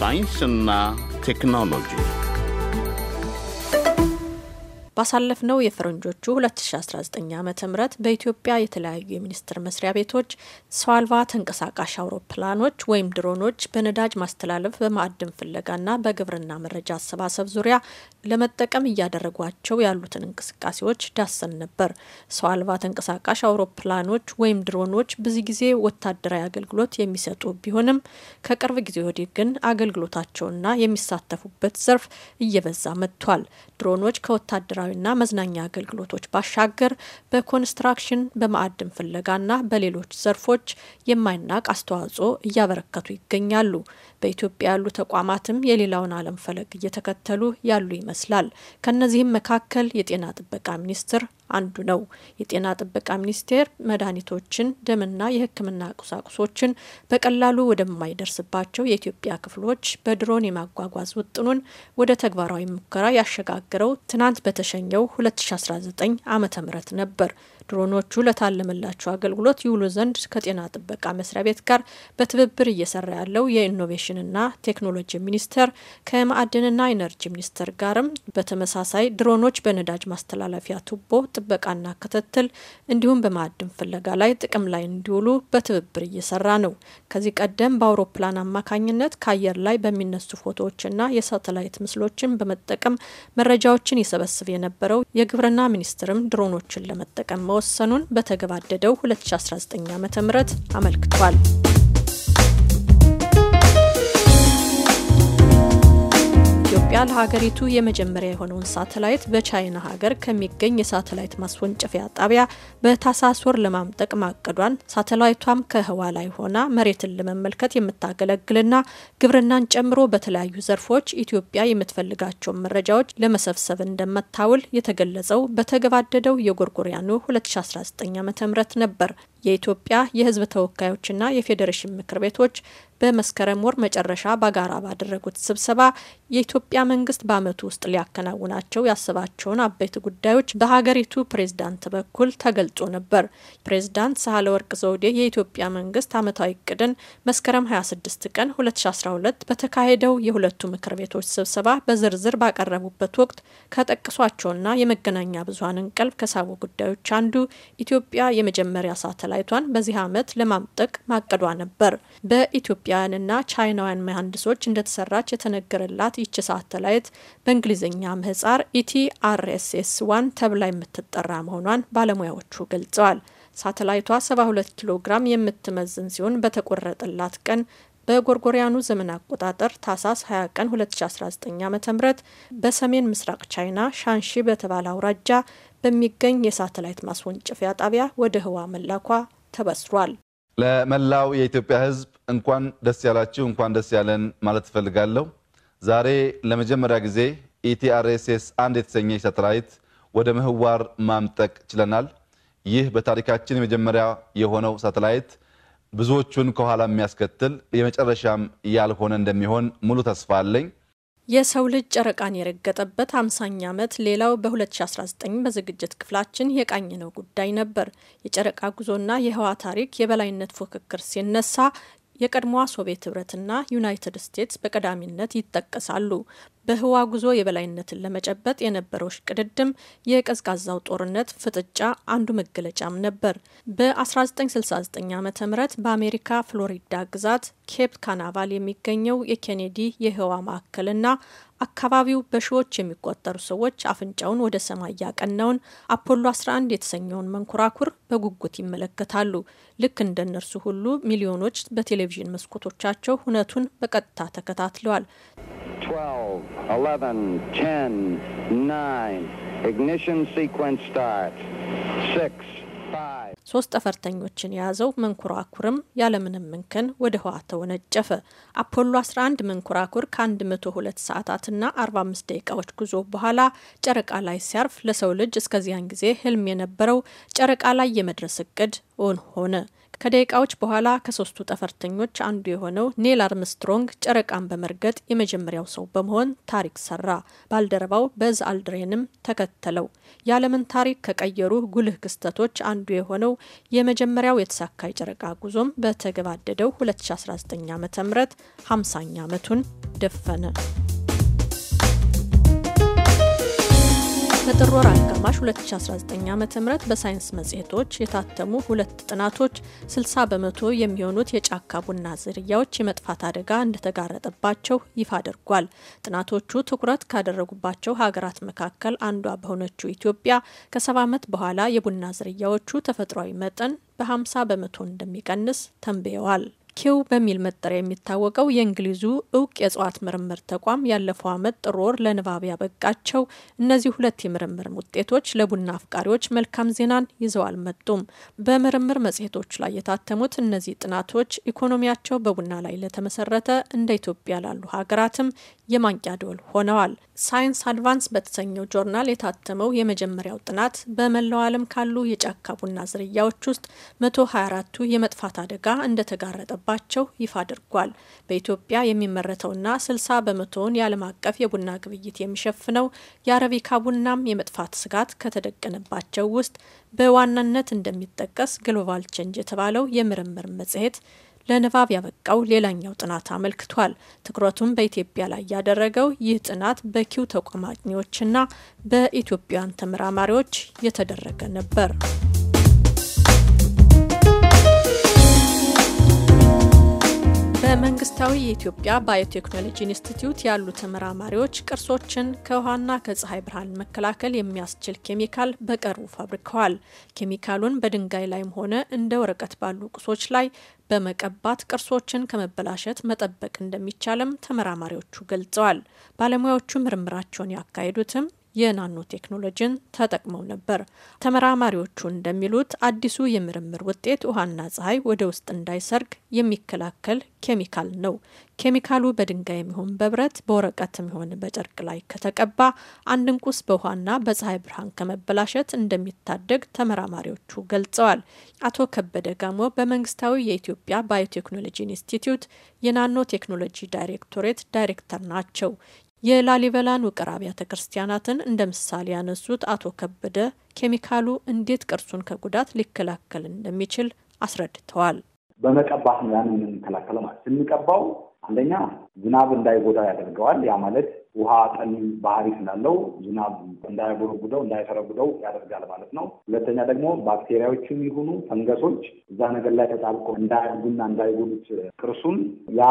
science and uh, technology. ባሳለፍነው የፈረንጆቹ 2019 ዓ ም በኢትዮጵያ የተለያዩ የሚኒስቴር መስሪያ ቤቶች ሰው አልባ ተንቀሳቃሽ አውሮፕላኖች ወይም ድሮኖች በነዳጅ ማስተላለፍ፣ በማዕድን ፍለጋና በግብርና መረጃ አሰባሰብ ዙሪያ ለመጠቀም እያደረጓቸው ያሉትን እንቅስቃሴዎች ዳሰን ነበር። ሰው አልባ ተንቀሳቃሽ አውሮፕላኖች ወይም ድሮኖች ብዙ ጊዜ ወታደራዊ አገልግሎት የሚሰጡ ቢሆንም ከቅርብ ጊዜ ወዲህ ግን አገልግሎታቸውና የሚሳተፉበት ዘርፍ እየበዛ መጥቷል። ድሮኖች ከወታደራዊ ና መዝናኛ አገልግሎቶች ባሻገር በኮንስትራክሽን፣ በማዕድን ፍለጋና በሌሎች ዘርፎች የማይናቅ አስተዋጽኦ እያበረከቱ ይገኛሉ። በኢትዮጵያ ያሉ ተቋማትም የሌላውን ዓለም ፈለግ እየተከተሉ ያሉ ይመስላል። ከእነዚህም መካከል የጤና ጥበቃ ሚኒስቴር አንዱ ነው። የጤና ጥበቃ ሚኒስቴር መድኃኒቶችን፣ ደምና የሕክምና ቁሳቁሶችን በቀላሉ ወደማይደርስባቸው የኢትዮጵያ ክፍሎች በድሮን የማጓጓዝ ውጥኑን ወደ ተግባራዊ ሙከራ ያሸጋግረው ትናንት በተሸኘው 2019 ዓ ም ነበር። ድሮኖቹ ለታለመላቸው አገልግሎት ይውሉ ዘንድ ከጤና ጥበቃ መስሪያ ቤት ጋር በትብብር እየሰራ ያለው የኢኖቬሽንና ቴክኖሎጂ ሚኒስቴር ከማዕድንና ኢነርጂ ሚኒስቴር ጋርም በተመሳሳይ ድሮኖች በነዳጅ ማስተላለፊያ ቱቦ ጥበቃና ክትትል እንዲሁም በማዕድን ፍለጋ ላይ ጥቅም ላይ እንዲውሉ በትብብር እየሰራ ነው። ከዚህ ቀደም በአውሮፕላን አማካኝነት ከአየር ላይ በሚነሱ ፎቶዎችና የሳተላይት ምስሎችን በመጠቀም መረጃዎችን ይሰበስብ የነበረው የግብርና ሚኒስቴርም ድሮኖችን ለመጠቀም መወሰኑን በተገባደደው 2019 ዓ ም አመልክቷል። ኢትዮጵያ ለሀገሪቱ የመጀመሪያ የሆነውን ሳተላይት በቻይና ሀገር ከሚገኝ የሳተላይት ማስወንጨፊያ ጣቢያ በታህሳስ ወር ለማምጠቅ ማቀዷን ሳተላይቷም ከህዋ ላይ ሆና መሬትን ለመመልከት የምታገለግልና ግብርናን ጨምሮ በተለያዩ ዘርፎች ኢትዮጵያ የምትፈልጋቸውን መረጃዎች ለመሰብሰብ እንደምታውል የተገለጸው በተገባደደው የጎርጎሪያኑ 2019 ም ነበር። የኢትዮጵያ የሕዝብ ተወካዮችና የፌዴሬሽን ምክር ቤቶች በመስከረም ወር መጨረሻ በጋራ ባደረጉት ስብሰባ የኢትዮጵያ መንግስት በዓመቱ ውስጥ ሊያከናውናቸው ያስባቸውን አበይት ጉዳዮች በሀገሪቱ ፕሬዝዳንት በኩል ተገልጾ ነበር። ፕሬዝዳንት ሳህለወርቅ ዘውዴ የኢትዮጵያ መንግስት ዓመታዊ እቅድን መስከረም 26 ቀን 2012 በተካሄደው የሁለቱ ምክር ቤቶች ስብሰባ በዝርዝር ባቀረቡበት ወቅት ከጠቀሷቸውና የመገናኛ ብዙሀንን ቀልብ ከሳቡ ጉዳዮች አንዱ ኢትዮጵያ የመጀመሪያ ሳተላ ሳተላይቷን በዚህ ዓመት ለማምጠቅ ማቀዷ ነበር። በኢትዮጵያውያንና ቻይናውያን መሐንዲሶች እንደተሰራች የተነገረላት ይች ሳተላይት በእንግሊዝኛ ምህጻር ኢቲ ዋን ተብላ የምትጠራ መሆኗን ባለሙያዎቹ ገልጸዋል። ሳተላይቷ 72 ኪሎ ግራም የምትመዝን ሲሆን በተቆረጠላት ቀን በጎርጎሪያኑ ዘመን አቆጣጠር ታሳስ 20 ቀን 2019 ዓ ም በሰሜን ምስራቅ ቻይና ሻንሺ በተባለ አውራጃ በሚገኝ የሳተላይት ማስወንጨፊያ ጣቢያ ወደ ህዋ መላኳ ተበስሯል። ለመላው የኢትዮጵያ ህዝብ እንኳን ደስ ያላችሁ፣ እንኳን ደስ ያለን ማለት እፈልጋለሁ። ዛሬ ለመጀመሪያ ጊዜ ኢቲአርኤስኤስ አንድ የተሰኘ ሳተላይት ወደ ምህዋር ማምጠቅ ችለናል። ይህ በታሪካችን የመጀመሪያ የሆነው ሳተላይት ብዙዎቹን ከኋላ የሚያስከትል የመጨረሻም ያልሆነ እንደሚሆን ሙሉ ተስፋ አለኝ። የሰው ልጅ ጨረቃን የረገጠበት 50ኛ ዓመት ሌላው በ2019 በዝግጅት ክፍላችን የቃኘነው ጉዳይ ነበር። የጨረቃ ጉዞና የህዋ ታሪክ የበላይነት ፉክክር ሲነሳ የቀድሞዋ ሶቪየት ህብረትና ዩናይትድ ስቴትስ በቀዳሚነት ይጠቀሳሉ። በህዋ ጉዞ የበላይነትን ለመጨበጥ የነበረው ሽቅድድም የቀዝቃዛው ጦርነት ፍጥጫ አንዱ መገለጫም ነበር። በ1969 ዓ ም በአሜሪካ ፍሎሪዳ ግዛት ኬፕ ካናቫል የሚገኘው የኬኔዲ የህዋ ማዕከልና አካባቢው በሺዎች የሚቆጠሩ ሰዎች አፍንጫውን ወደ ሰማይ ያቀናውን አፖሎ 11 የተሰኘውን መንኮራኩር በጉጉት ይመለከታሉ። ልክ እንደ እነርሱ ሁሉ ሚሊዮኖች በቴሌቪዥን መስኮቶቻቸው ሁነቱን በቀጥታ ተከታትለዋል። 12, 11, 10, 9. Ignition sequence start. 6, ሶስት ጠፈርተኞችን የያዘው መንኮራኩርም ያለምንም እንከን ወደ ህዋ ተወነጨፈ። አፖሎ 11 መንኮራኩር ከ102 ሰዓታትና 45 ደቂቃዎች ጉዞ በኋላ ጨረቃ ላይ ሲያርፍ ለሰው ልጅ እስከዚያን ጊዜ ህልም የነበረው ጨረቃ ላይ የመድረስ እቅድ እውን ሆነ። ከደቂቃዎች በኋላ ከሶስቱ ጠፈርተኞች አንዱ የሆነው ኔል አርምስትሮንግ ጨረቃን በመርገጥ የመጀመሪያው ሰው በመሆን ታሪክ ሰራ። ባልደረባው በዝ አልድሬንም ተከተለው። የዓለምን ታሪክ ከቀየሩ ጉልህ ክስተቶች አንዱ የሆነው የመጀመሪያው የተሳካ የጨረቃ ጉዞም በተገባደደው 2019 ዓ ም 50ኛ ዓመቱን ደፈነ። ከጥር ወር አጋማሽ 2019 ዓ ም በሳይንስ መጽሔቶች የታተሙ ሁለት ጥናቶች 60 በመቶ የሚሆኑት የጫካ ቡና ዝርያዎች የመጥፋት አደጋ እንደተጋረጠባቸው ይፋ አድርጓል። ጥናቶቹ ትኩረት ካደረጉባቸው ሀገራት መካከል አንዷ በሆነችው ኢትዮጵያ ከሰባ ዓመት በኋላ የቡና ዝርያዎቹ ተፈጥሯዊ መጠን በ50 በመቶ እንደሚቀንስ ተንብየዋል። ኪው በሚል መጠሪያ የሚታወቀው የእንግሊዙ እውቅ የእጽዋት ምርምር ተቋም ያለፈው ዓመት ጥር ወር ለንባብ ያበቃቸው እነዚህ ሁለት የምርምር ውጤቶች ለቡና አፍቃሪዎች መልካም ዜናን ይዘው አልመጡም። በምርምር መጽሔቶች ላይ የታተሙት እነዚህ ጥናቶች ኢኮኖሚያቸው በቡና ላይ ለተመሰረተ እንደ ኢትዮጵያ ላሉ ሀገራትም የማንቂያ ደወል ሆነዋል። ሳይንስ አድቫንስ በተሰኘው ጆርናል የታተመው የመጀመሪያው ጥናት በመላው ዓለም ካሉ የጫካ ቡና ዝርያዎች ውስጥ 24 ቱ የመጥፋት አደጋ እንደተጋረጠባቸው ይፋ አድርጓል። በኢትዮጵያ የሚመረተውና 60 በመቶውን የዓለም አቀፍ የቡና ግብይት የሚሸፍነው የአረቢካ ቡናም የመጥፋት ስጋት ከተደቀነባቸው ውስጥ በዋናነት እንደሚጠቀስ ግሎባል ቼንጅ የተባለው የምርምር መጽሔት ለንባብ ያበቃው ሌላኛው ጥናት አመልክቷል። ትኩረቱም በኢትዮጵያ ላይ ያደረገው ይህ ጥናት በኪው ተቋም አጥኚዎችና በኢትዮጵያውያን ተመራማሪዎች የተደረገ ነበር። በመንግስታዊ የኢትዮጵያ ባዮቴክኖሎጂ ኢንስቲትዩት ያሉ ተመራማሪዎች ቅርሶችን ከውሃና ከፀሐይ ብርሃን መከላከል የሚያስችል ኬሚካል በቅርቡ ፈብርከዋል። ኬሚካሉን በድንጋይ ላይም ሆነ እንደ ወረቀት ባሉ ቁሶች ላይ በመቀባት ቅርሶችን ከመበላሸት መጠበቅ እንደሚቻልም ተመራማሪዎቹ ገልጸዋል። ባለሙያዎቹ ምርምራቸውን ያካሄዱትም የናኖ ቴክኖሎጂን ተጠቅመው ነበር። ተመራማሪዎቹ እንደሚሉት አዲሱ የምርምር ውጤት ውሃና ፀሐይ ወደ ውስጥ እንዳይሰርግ የሚከላከል ኬሚካል ነው። ኬሚካሉ በድንጋይ የሚሆን በብረት በወረቀት የሚሆን በጨርቅ ላይ ከተቀባ አንድን ቁስ በውሃና በፀሐይ ብርሃን ከመበላሸት እንደሚታደግ ተመራማሪዎቹ ገልጸዋል። አቶ ከበደ ጋሞ በመንግስታዊ የኢትዮጵያ ባዮቴክኖሎጂ ኢንስቲትዩት የናኖ ቴክኖሎጂ ዳይሬክቶሬት ዳይሬክተር ናቸው። የላሊበላን ውቅር አብያተ ክርስቲያናትን እንደ ምሳሌ ያነሱት አቶ ከበደ ኬሚካሉ እንዴት ቅርሱን ከጉዳት ሊከላከል እንደሚችል አስረድተዋል። በመቀባት ነው ያንን የምንከላከለው ማለት ስንቀባው አንደኛ ዝናብ እንዳይጎዳ ያደርገዋል። ያ ማለት ውሃ ጠን ባህሪ ስላለው ዝናብ እንዳያጎረጉደው እንዳይፈረጉደው ያደርጋል ማለት ነው። ሁለተኛ ደግሞ ባክቴሪያዎችም ይሁኑ ፈንገሶች እዛ ነገር ላይ ተጣብቆ እንዳያድጉና እንዳይጎዱት ቅርሱን ያ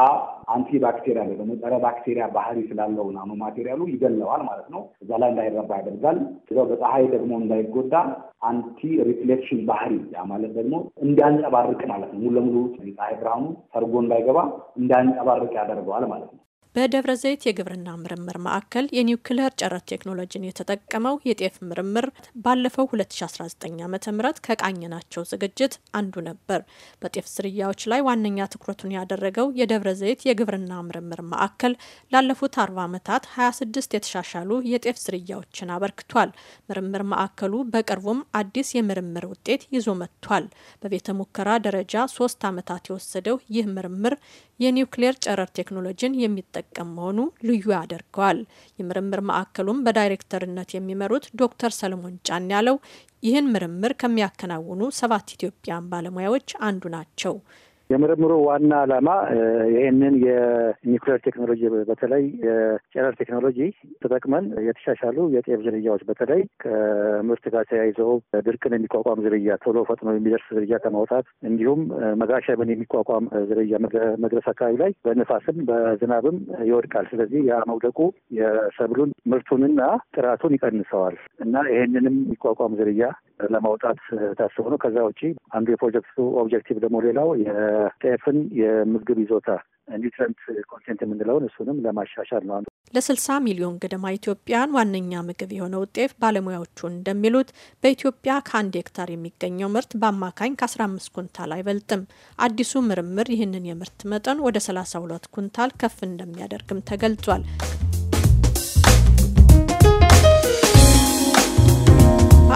አንቲ ባክቴሪያ ላይ ደግሞ ጸረ ባክቴሪያ ባህሪ ስላለው ናኖ ማቴሪያሉ ይገለዋል ማለት ነው። እዛ ላይ እንዳይረባ ያደርጋል። እዛው በፀሐይ ደግሞ እንዳይጎዳ አንቲ ሪፍሌክሽን ባህሪ ያ ማለት ደግሞ እንዲያንጸባርቅ ማለት ነው። ሙሉ ለሙሉ የፀሐይ ብርሃኑ ሰርጎ እንዳይገባ እንዲያንጸባርቅ እንዲያንጸባርቅ ያደርገዋል ማለት ነው። በደብረ ዘይት የግብርና ምርምር ማዕከል የኒውክሊየር ጨረት ቴክኖሎጂን የተጠቀመው የጤፍ ምርምር ባለፈው 2019 ዓ ም ከቃኘናቸው ዝግጅት አንዱ ነበር። በጤፍ ዝርያዎች ላይ ዋነኛ ትኩረቱን ያደረገው የደብረ ዘይት የግብርና ምርምር ማዕከል ላለፉት 40 ዓመታት 26 የተሻሻሉ የጤፍ ዝርያዎችን አበርክቷል። ምርምር ማዕከሉ በቅርቡም አዲስ የምርምር ውጤት ይዞ መጥቷል። በቤተ ሙከራ ደረጃ ሶስት ዓመታት የወሰደው ይህ ምርምር የኒውክሌር ጨረር ቴክኖሎጂን የሚጠቀም መሆኑ ልዩ ያደርገዋል። የምርምር ማዕከሉም በዳይሬክተርነት የሚመሩት ዶክተር ሰለሞን ጫን ያለው ይህን ምርምር ከሚያከናውኑ ሰባት ኢትዮጵያን ባለሙያዎች አንዱ ናቸው። የምርምሩ ዋና ዓላማ ይህንን የኒውክሌር ቴክኖሎጂ በተለይ የጨረር ቴክኖሎጂ ተጠቅመን የተሻሻሉ የጤፍ ዝርያዎች በተለይ ከምርት ጋር ተያይዘው ድርቅን የሚቋቋም ዝርያ ቶሎ ፈጥኖ የሚደርስ ዝርያ ከማውጣት እንዲሁም መጋሸብን የሚቋቋም ዝርያ መድረስ አካባቢ ላይ በንፋስም በዝናብም ይወድቃል። ስለዚህ ያ መውደቁ የሰብሉን ምርቱንና ጥራቱን ይቀንሰዋል እና ይህንንም የሚቋቋም ዝርያ ለማውጣት ታስቦ ነው። ከዛ ውጪ አንዱ የፕሮጀክቱ ኦብጀክቲቭ ደግሞ ሌላው የጤፍን የምግብ ይዞታ ኒውትረንት ኮንቴንት የምንለውን እሱንም ለማሻሻል ነው። ለስልሳ ሚሊዮን ገደማ ኢትዮጵያን ዋነኛ ምግብ የሆነው ጤፍ ባለሙያዎቹ እንደሚሉት በኢትዮጵያ ከአንድ ሄክታር የሚገኘው ምርት በአማካኝ ከ15 ኩንታል አይበልጥም። አዲሱ ምርምር ይህንን የምርት መጠን ወደ 32 ኩንታል ከፍ እንደሚያደርግም ተገልጿል።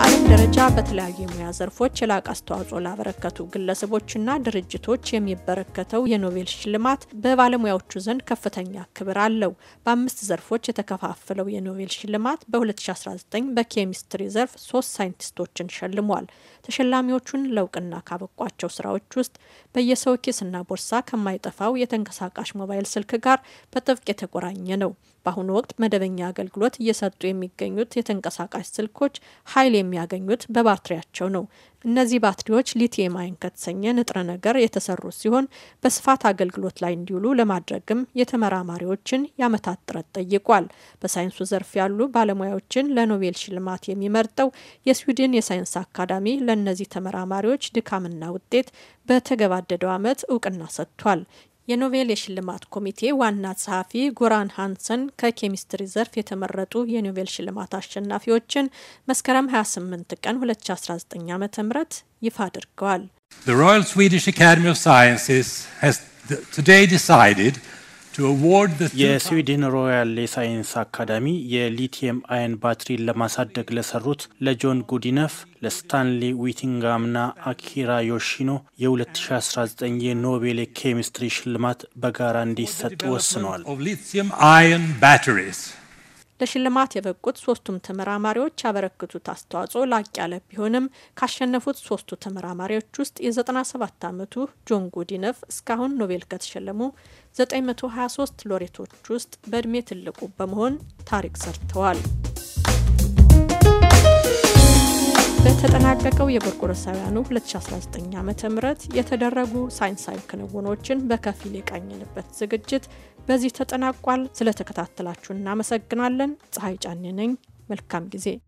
በዓለም ደረጃ በተለያዩ የሙያ ዘርፎች የላቅ አስተዋጽኦ ላበረከቱ ግለሰቦችና ድርጅቶች የሚበረከተው የኖቤል ሽልማት በባለሙያዎቹ ዘንድ ከፍተኛ ክብር አለው። በአምስት ዘርፎች የተከፋፈለው የኖቤል ሽልማት በ2019 በኬሚስትሪ ዘርፍ ሶስት ሳይንቲስቶችን ሸልሟል። ተሸላሚዎቹን ለውቅና ካበቋቸው ስራዎች ውስጥ በየሰው ኪስና ቦርሳ ከማይጠፋው የተንቀሳቃሽ ሞባይል ስልክ ጋር በጥብቅ የተቆራኘ ነው። በአሁኑ ወቅት መደበኛ አገልግሎት እየሰጡ የሚገኙት የተንቀሳቃሽ ስልኮች ኃይል የሚያገኙት በባትሪያቸው ነው። እነዚህ ባትሪዎች ሊቲየም አየን ከተሰኘ ንጥረ ነገር የተሰሩ ሲሆን በስፋት አገልግሎት ላይ እንዲውሉ ለማድረግም የተመራማሪዎችን የአመታት ጥረት ጠይቋል። በሳይንሱ ዘርፍ ያሉ ባለሙያዎችን ለኖቤል ሽልማት የሚመርጠው የስዊድን የሳይንስ አካዳሚ ለእነዚህ ተመራማሪዎች ድካምና ውጤት በተገባደደው ዓመት እውቅና ሰጥቷል። የኖቤል የሽልማት ኮሚቴ ዋና ጸሐፊ ጉራን ሃንሰን ከኬሚስትሪ ዘርፍ የተመረጡ የኖቤል ሽልማት አሸናፊዎችን መስከረም 28 ቀን 2019 ዓ ም ይፋ አድርገዋል። The Royal Swedish Academy of Sciences has today decided የስዊድን ሮያል የሳይንስ አካዳሚ የሊቲየም አየን ባትሪን ለማሳደግ ለሰሩት ለጆን ጉዲነፍ ለስታንሊ ዊቲንጋምና አኪራ ዮሺኖ የ2019 የኖቤል ኬሚስትሪ ሽልማት በጋራ እንዲሰጥ ወስነዋል። ለሽልማት የበቁት ሶስቱም ተመራማሪዎች ያበረክቱት አስተዋጽኦ ላቅ ያለ ቢሆንም ካሸነፉት ሶስቱ ተመራማሪዎች ውስጥ የ97 ዓመቱ ጆን ጉዲነፍ እስካሁን ኖቤል ከተሸለሙ 923 ሎሬቶች ውስጥ በእድሜ ትልቁ በመሆን ታሪክ ሰርተዋል። በተጠናቀቀው የጎርጎሮሳውያኑ 2019 ዓ ም የተደረጉ ሳይንሳዊ ክንውኖችን በከፊል የቃኘንበት ዝግጅት በዚህ ተጠናቋል። ስለተከታተላችሁ እናመሰግናለን። ፀሐይ ጫኔ ነኝ። መልካም ጊዜ